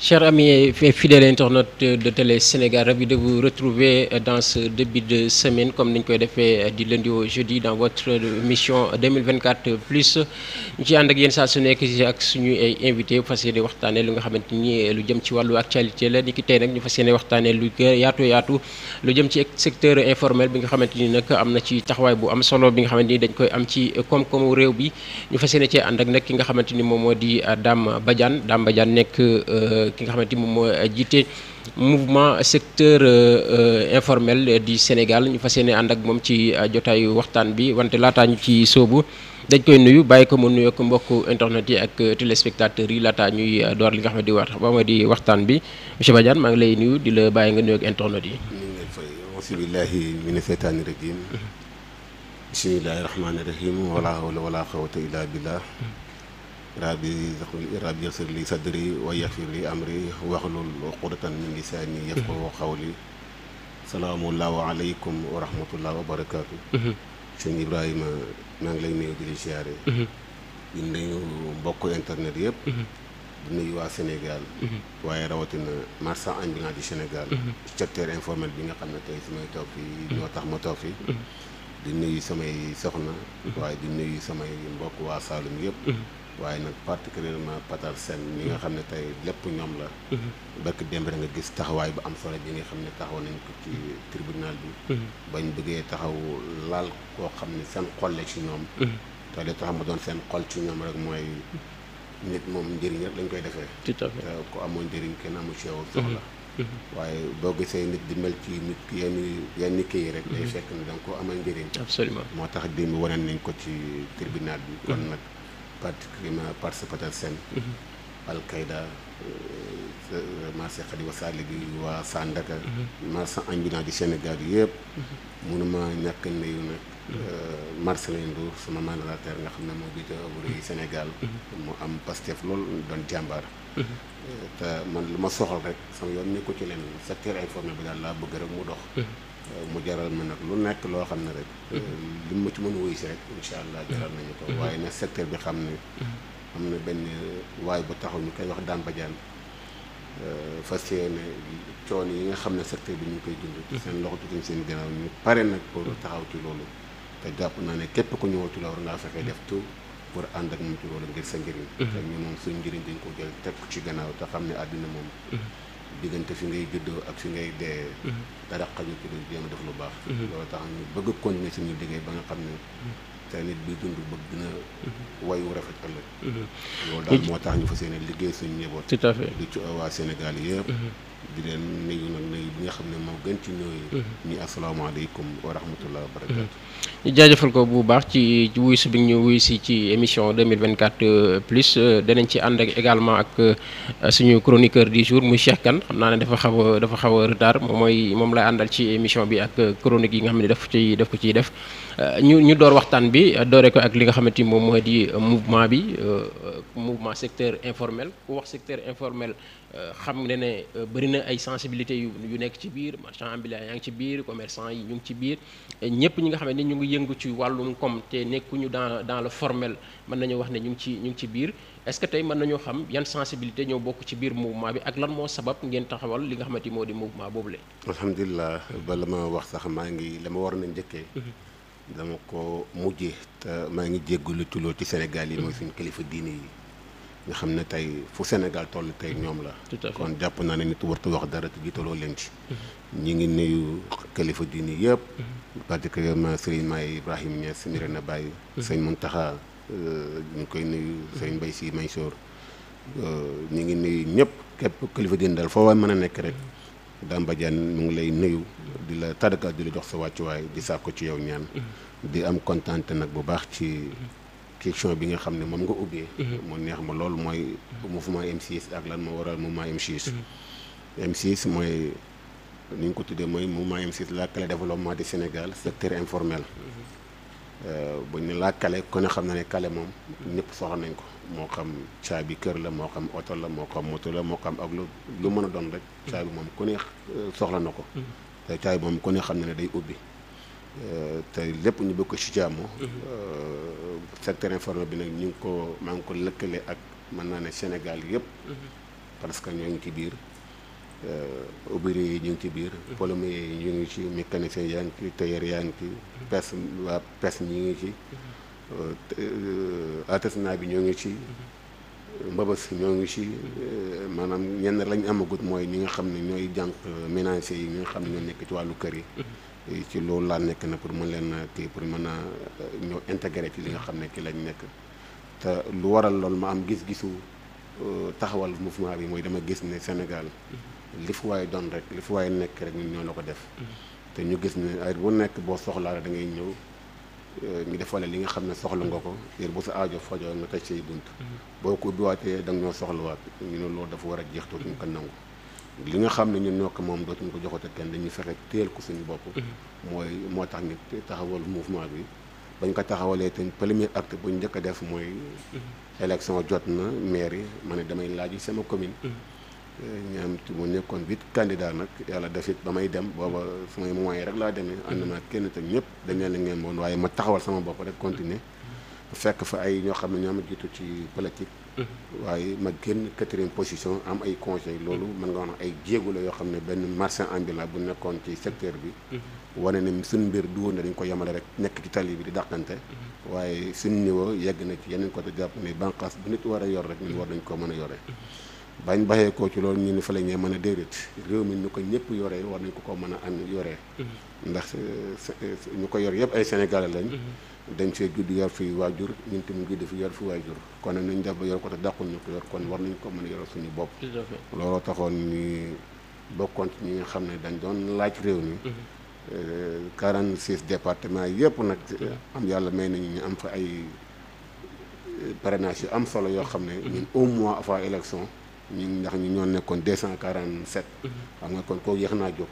cher ami et fidèles internautes de Télé Sénégal, ravi de vous retrouver dans ce de semaine, comme nous l'avons fait du lundi au jeudi dans votre mission 2024 plus. ñu ci ànd ak yéen saa su nekk ci ak suñu ay invité fas yéene waxtaanee lu nga xamante ni lu jëm ci wàllu actualité la ni ki tey nag ñu fas yéene waxtaanee lu yaatu yaatu lu jëm ci secteur informel bi nga xamante ni nag am na ci taxawaay bu am solo bi nga xamante ni dañ koy am ci koom-koomu réew bi ñu fas yéene cee ànd ak nag ki nga xamante ni moom moo di Dame Badiane Dame Badiane nekk. Euh, ki nga xamante ni moom moo jiite mouvement secteur euh, euh, informel di Sénégal ñu fa yéene ànd ak moom ci euh, jotaayu waxtaan bi wante laata ñu ci soobu dañ koy nuyu bàyyi ko mu nuyoog mbokk internet yi ak téléspectateurs yi laataa ñuy door li nga xamante di wax di waxtaan bi monsieur Badiane maa ngi lay nuyu di la bàyyi nga nuyoog internet yi. ñu ngi lay fay mm-hmm. bismillaahi rahmaani rahiim. wala hawla illaa billah mm-hmm. rabbi rabbi yassir li sadri wa yaghfir li amri wahlul uqdatan min lisani yafqahu qawli salaamullaahi aleykum wa rahmatullaahi wa barakaatu mhm. sëñ Ibrahima maa ngi lay nuyu di la siyaare mhm. di nuyu mbokk internet yëpp mhm. di nuyu waa Sénégal waaye rawatina marchand ambulant bi nga xam ne tey samay toog fii ñoo tax ma toog fii di nuyu samay soxna waaye di nuyu samay mbokk waa Saalum yëpp waaye nag particulièrement patal Sène mi nga xam ne tey lépp ñoom la mm-hmm. barki démb nga gis taxawaay bu am solo bi nga xam ne taxaw nañ ko ci tribunal bi mm-hmm. bañ bëggee taxaw laal koo xam ne seen xolle ci ñoom mm-hmm. te li tax mu doon seen xol ci ñoom rek mooy nit moom njëriñ rek lañ koy defee te ku amoon njëriñ kenn amu ci yow soxla waaye boo gisee nit di mel ci nit yenn yenn kii yi rek day fekk ne danga ko amal njëriñ absolument moo tax démb waneen nañ ko ci tribunal bi kon nag particulièrement participateur seen mhm. alkayda euh, euh, marché xadi wasaali gi waa Sandaga mhm. marché ambulant di Sénégal yi yëpp mënuma mhm. ñàkk ndeyu nag euh, Marcelin Ndour sama mandataire nga xam ne moo jiite ouvrier Sénégal mu am Pastef lool doon jàmbaar te man lu ma soxal rek sama yoon ni ko ci leen secteur informel bi daal laa bëgg rek mu dox mm-hmm. euh, mu jaral ma nag lu nekk loo xam ne rek euh, mm-hmm. li ma ci mën a wuy si rek incha allah mm-hmm. jaral nañu ko waaye nag secteur bi xam ne am na benn waay bu taxaw ñu koy wax daan bajaan euh, fas yéene coon yi nga xam ne secteur bi ñu ngi koy dund seen loxo tutuñ seen gannaaw ñu pare nag ko taxaw ci loolu te jàpp naa ne képp ku ñëwatu ci war ngaa fexe def tout pour ànd ak mutu loolu ngir sa njëriñ mhm. te ñu moom suñ njëriñ dañ ko jël teg ko ci gannaaw te xam ne àddina moom mhm. diggante fi ngay juddoo ak fi ngay dee mhm. dara xaju ci jéem a def lu baax loolu tax ñu bëgg continuer suñu liggéey ba nga xam ne te nit bi dund bëgg na wayu rafet ëllëg loolu daal moo tax ñu fa yéene liggéey suñ njaboot ci à fait du ci waa Sénégal yëpp di bi nga xam ne moo gën ci nuyu. Mm-hmm. nii asalaamaaleykum wa rahmatulah wa barakaatu. Mm-hmm. ko bu baax ci wuy si bi ñu wuy si ci émission vingt 2024 euh, plus euh, danañ ci ànd ak également ak euh, suñu chroniqueur di jour muy Cheikh Kane xam naa ne dafa xaw a xaw a retard moom mooy moom lay àndal ci émission bi ak chronique yi nga xam ne daf ciy daf ko ciy def ñu ñu door waxtaan bi doore ko ak li nga xamante ni moom moo di mouvement bi mouvement secteur informel ku wax secteur informel. xam ne ne euh, bëri na ay sensibilité yu yu nekk ci biir marchand ambulant yaa ngi ci biir commerçant yi ñu ngi ci biir ñëpp ñi nga xam ne ñu ngi yëngu ci wàllum koom te nekkuñu dans dans le formel mën nañu wax ne ñu ngi ci ñu ngi ci biir est-ce que tey mën nañoo xam yan sensibilité ñoo bokk ci biir mouvement bi ak lan moo sabab ngeen taxawal li nga xamante moo di mouvement boobu la. alhamdulilah ba la ma wax sax maa ngi la ma war na njëkkee. Mhm. dama ko mujjee te maa ngi jéggulu ci ci Sénégal mhm. suñu kilifa diine yi. nga xam ne tey fu Sénégal toll tey ñoom la. kon jàpp naa ne nit wartu wax dara te jiitaloo leen ci. Mm-hmm. ñi ngi nuyu kilifa diini yëpp. Mm-hmm. particulièrement sëriñ Maay Ibrahima Niass Mirena Baye. Mm-hmm. sëñ Muntaxa euh, ñu koy nuyu sëñ Mbay Si Mansour. Euh, ñu ngi nuyu ñëpp képp kilifa diini dal foo waay mën a nekk rek. Damba Diagne mu ngi lay nuyu. di la tàggat di la jox sa wàccuwaay di sàkku ci yow ñaan. di am kontaan nag bu baax ci. question bi nga xam ne moom nga ubbee. Mhm. mu neex ma loolu mooy mouvement M6 ak lan moo waral mouvement M6. M6 mooy ni ñu ko tuddee mooy mouvement M6 lakkale développement du Sénégal secteur informel. bu ñu lakkale kon xam na ne kale moom ñëpp soxla nañ ko moo xam caabi kër la moo xam oto la moo xam moto la moo xam ak lu lu mën a doon rek. Mhm. caabi moom ku ne euh, soxla na ko. Mhm. te caabi moom ku ne xam na ne day ubbi. Euh, te lépp ñu bëgg ko ci jàmm. Euh, secteur informel bi nag ñu ngi ko maa ngi ko lëkkale ak mën naa ne Sénégal yëpp. Mm-hmm. parce que ñoo ngi ci biir ouvrier euh, yi ñu ngi ci biir. Mm-hmm. plombier yi ñu ngi ci mécanicien yaa ngi ci tailleur yaa ngi ci. Mm-hmm. pes waa pes ñu ngi ci. artisanat bi ñoo ngi ci. mbabas ñoo ngi ci maanaam ñenn lañ amagut mooy ñu nga xam ne ñooy jànq ménager yi ñi nga xam ne ñoo nekk ci wàllu kër yi. ci loolu laa nekk na pour mën leen na kii pour mën a euh, ñëw intégré ci li nga xam ne kii lañ nekk te lu waral lool ma am gis-gisu euh, taxawal mouvement bi mooy dama gis ne Sénégal mm-hmm. li fu waay doon rek li fu waay nekk rek ñun ñoo la ko def mm-hmm. te ñu gis ne heure bu nekk boo soxlaa da ngay ñëw euh, ñu defale li nga xam ne soxla nga ko heure bu sa aajo fajoo nga tëj say bunt mm-hmm. boo ko ubbiwaatee da ñoo soxlawaat ñu ne loolu dafa war a jeex tuuti ñu ko nangu li nga xam ne ñun ñoo ko moom dootuñu ko joxote kenn dañuy fexe teel ko suñu bopp. Mm-hmm. mooy moo tax nit taxawal mouvement bi bañ ko taxawalee te premier acte bu ñu njëkk a def mooy. Mm-hmm. élection jot na maire yi ma ne damay laaj sama commune. Mm-hmm. Eh, ñu ti mu nekkoon huit candidat nag yàlla def it ba may dem booba samay moyens rek laa demee. ànd naa kenn te ñëpp dañ leen ngeen woon waaye ma taxawal sama bopp rek continuer fekk fa ay ñoo xam ne ñoo ma jiitu ci politique. Mm-hmm. waaye ma génn quatrième position am ay conseil loolu mm-hmm. mën nga wax ay jéegu la yoo xam ne benn marchand ambulant bu nekkoon ci secteur bi. Mm-hmm. wane ne suñ mbir du woon dañ ko yemale rek nekk ci tali bi di dàqante. waaye suñ niveau yegg na ci yeneen côté jàpp ne bànqaas bu nit war a yor rek ñun war nañ ko mën a yore. bañ baxee ko ci loolu ñu ni fa la ñee mën a déedéet réew mi ñu ko ñëpp yoree war nañ ko ko mën a am yoree mm-hmm. ndax euh, ñu ko yor yëpp ay sénégalais lañ mm-hmm. dañ see judd yor fi waajur ñun tamit judd fi yor fi waajur kon nag nañ def ba yor ko te dàqul ñu ko yor kon war nañ ko mën a suñu bopp looloo taxoon ni bokkoon ci ñi nga xam ne dañ doon laaj réew mi 46 mm-hmm. euh, département yëpp nag am yàlla may nañu ñu am fa ay euh, parrainage yu am solo yoo xam ne ñun au mois avant élection ñu ndax ñi ñoo nekkoon 247. Mm-hmm. xam nga kon kooku yeex naa jóg.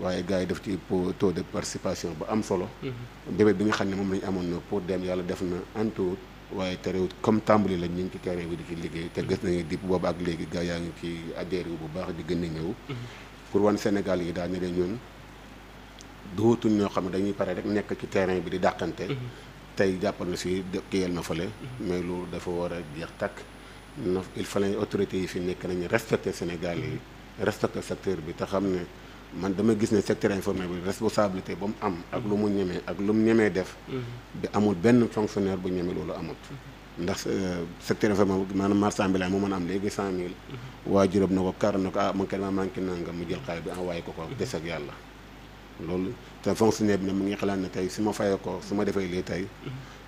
waaye gaa yi def ci pour taux de participation bu am solo. Mm-hmm. bébé bi nga xam ne moom la ñu amoon na pour dem yàlla def na antuwut waaye terewut comme tàmbali la ñu ngi ci terrain bi di ci liggéey. te gis nañu dipp boobu ak léegi gars yaa ngi ci adhéré bu baax di gën ni ñëw. Mm-hmm. pour wan Sénégal yi daal ne la ñun dootuñ ñoo xam ne dañuy pare rek nekk ci terrain bi di dàqante. tey jàppal na si kiyal na fële. mais loolu dafa war a jeex takk. na il fallait autorités yi fi nekk nañu respecter Sénégal yi respecter secteur bi te xam ne man dama gis ne secteur informel bi responsabilité ba mu am ak lu mu ñemee ak lu mu ñemee def mhm. bi amul benn fonctionnaire bu ñeme loolu amul mhm. ndax euh, secteur informel maanaam marchand ambulant mu mën a am léegi cent mille mhm. waa juróom na ko kaara na ko ah man kenn maa manqué nanga mu jël xaalis bi ah, waaye ko ko des ak yàlla loolu te fonctionnaire bi ne mu ngi xalaat ne tey su ma fayee ko su ma defee lii tey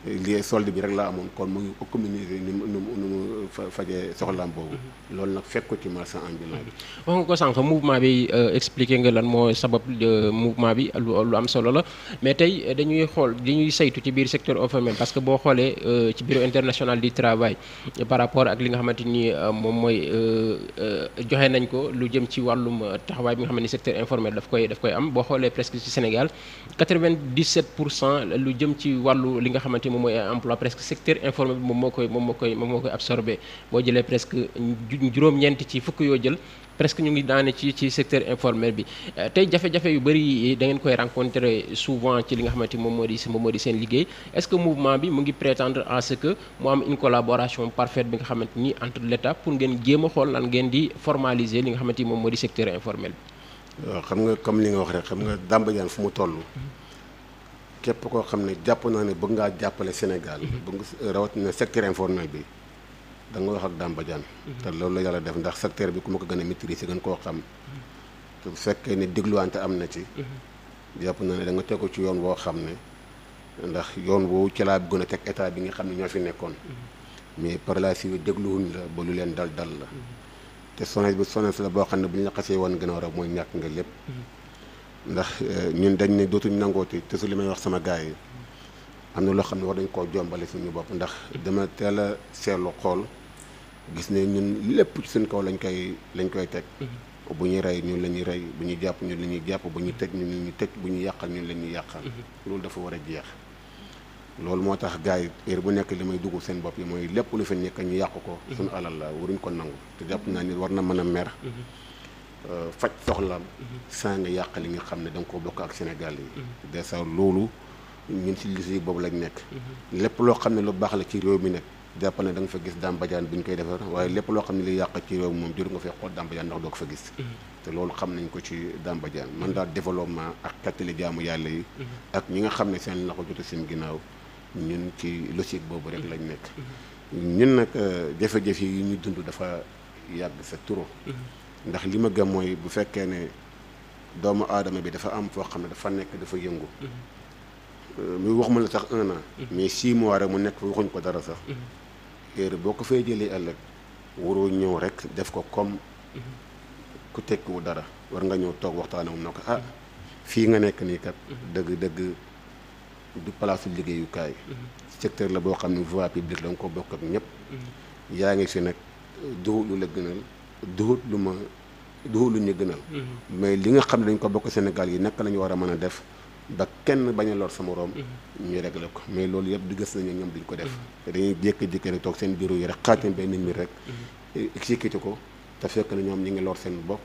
liy solde bi rek laa amoon kon mu ngi communiser ni mu nu mu fajee soxlaam boobu. Mhm. loolu nag fekk ko ci marchand ambulant bi. Mhm. wax nga ko sànq mouvement bi euh, nga lan moo sabab mouvement bi lu am solo la mais tey euh, dañuy xool dañuy saytu ci biir secteur informel parce que boo xoolee euh, ci bureau international di travail par rapport ak li nga xamante ni moom mooy joxe nañ ko lu jëm ci wàllum taxawaay bi nga xam ne secteur informel daf koy daf koy am boo xoolee presque ci Sénégal lu jëm ne moom mooy emploi presque secteur informel bi moom moo koy moom moo koy moom moo koy absorbé boo jëlee presque juróom-ñeent ci fukk yoo jël presque ñu ngi daane ci ci secteur informel bi euh, tey jafe-jafe yu bëri da ngeen koy rencontrer souvent ci li nga xamante moom moo di moom moo di seen liggéey est-ce que mouvement bi mu ngi prétendre à ce que mu am une collaboration parfaite bi nga xamante ni entre l'État pour ngeen jéem a xool nan ngeen di formaliser li nga xamante ni moom moo di secteur informel bi. waaw euh, li nga wax rek xam nga Damba Diagne fu képp koo xam ne jàpp naa ne bëgg ngaa jàppale Sénégal. Mhm. bëgg euh, rawatina secteur informel bi da nga wax ak Dame Badiane. Mhm. te loolu la yàlla def ndax secteur bi ku ma ko gën a maîtriser gën koo xam. te mhm. bu fekkee ne dégluwante am na ci. jàpp naa ne da nga tegu ci yoon woo xam ne ndax yoon woowu ci laa gën a teg état bi nga xam ne ñoo fi nekkoon. mais par la suite la ba lu leen dal dal la. te SONES bi SONES la boo xam ne bu ñu la xasee woon gën a war a mooy ñàkk nga lépp. ndax euh, ñun dañ ne dootuñ nangooti te su li may wax sama gars yi am na loo xam ne war nañ koo jombale suñu bopp ndax dama teel a seetlu xool gis ne ñun lépp ci kaw lañ koy lañ koy teg mm-hmm. bu ñuy rey ñun la ñuy rey bu ñuy jàpp ñun la ñuy jàpp bu ñuy teg ñun la ñuy teg bu ñuy yàqal ñun la ñuy yàqal mm-hmm. loolu dafa war a jeex loolu moo tax gars yi heure bu nekk li may dugg seen bopp yi mooy lépp lu fi nekk ñu yàq ko mm-hmm. suñu alal la waruñ ko nangu jàpp naa ni war na mën a mer Euh, faj soxlaam. sans nga yàq li nga xam ne da nga bokk ak Sénégal yi. Mhm. dèjà loolu ñun ci liggéey boobu lañ nekk. Mhm. lépp loo xam ne lu baax la ci réew mi nag jàpp ne da nga fa gis Dame Badiane bi ñu koy defar waaye lépp loo xam ne li yàq ci moom jur nga fee xool Dame Badiane ndax ko fa gis. Mhm. te loolu xam nañ ko ci Dame Badiane man daal développement ak xettali jaamu yàlla yi. ak ñi nga xam ne seen loxo jotu seen ginnaaw ñun ci logique boobu rek lañ nekk. ñun nag euh, jafe-jafe yi ñu dund dafa yàgg sa turo ndax li ma gam mooy bu fekkee ne doomu aadama bi dafa am foo xam ne dafa nekk dafa yëngu. Mhm. Euh, muy wax ma la sax un an. Mhm. mais six mois rek mu nekk waxuñ ko dara sax. Mhm. heure boo ko fay jëlee ëllëg waroo ñëw rek def ko comme ku tekkiwu dara war nga ñëw toog waxtaanee moom na ko ah fii nga nekk nii kat. dëgg dëgg du palaasu liggéeyukaay. secteur la boo xam ne voie publique la ko bokk ak ñëpp. yaa ngi si nag du lu la gënal. duhut lu ma duhut lu ñu gënal. Mm-hmm. mais li nga xam ne dañ ko bokk Sénégal yi naka la ñu war a mën a def ba kenn bañ lool lor sa moroom. Mm-hmm. ñu réglé ko mais loolu yëpp di gës nañu ñoom duñ ko def. Mm-hmm. dañuy jékki-jékki rek toog seen bureau yi rek xaatim benn mbir rek. Eh, exécuté ko te fekk na ñoom ñu ngi lor seen bokk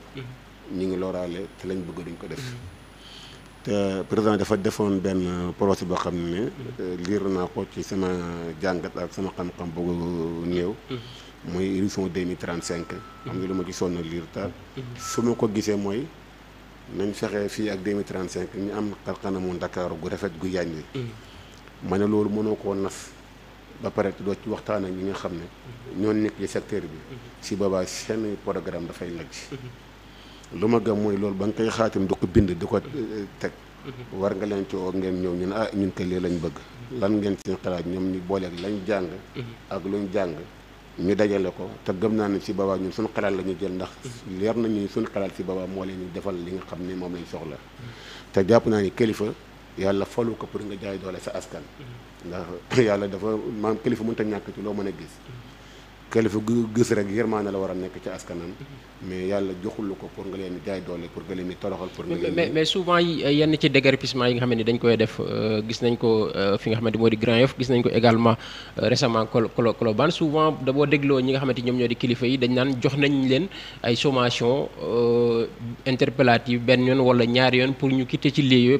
ñu ngi loolaale te lañ bëgg duñ ko def. te président dafa defoon benn projet boo xam ne. Eh, liir naa ko ci sama jàngat ak sama xam-xam bu néew. mooy horizon 2035. am nga lu ma ci sonn liir taal. su ma ko gisee mooy nañ fexe fii ak 2035 ñu am xarkanamu Ndakaaru gu rafet gu yàññi. ma ne loolu mënoo koo nas ba pare doo ci waxtaan ak ñi nga xam ne. ñoo nekk ci bi. si boobaa seen programme dafay lajj. lu ma gëm mooy loolu ba nga koy xaatim du ko bind di ko euh, teg. war nga leen ci ngeen ñëw ñu ne ah ñun kay lee lañ bëgg. lan ngeen seen xalaat ñoom ñu boole ak lañ jàng. ak luñ jàng. ñu dajale ko te gëm naa ne ci boobaa ñu suñu xalaat la ñu jël ndax leer nañu suñu xalaat si boobaa moo leen defal li nga xam ni moom lañ soxla te jàpp naa ni kilifa yàlla folu ko pour nga jaay doole sa askan ndax yàlla dafa maam kilifa mënta ñàkk ci loo mën a gis kilifa gu gis rek yërmaane la war a nekk ci askanam mais yàlla joxul ko pour nga leen jaay doole pour nga leen toroxal pour nga leen mais souvent euh, yenn ci déguerpissement yi nga xam ne dañ koy def euh, gis nañ ko euh, fi nga xamante moo di Grand Yoff gis nañ ko également récemment Colobane souvent da dégloo ñi nga xamante ñoom ñoo di kilifa yi dañ naan jox nañ leen ay sommation interpellative benn yoon wala ñaari yoon pour ñu quitter ci lieu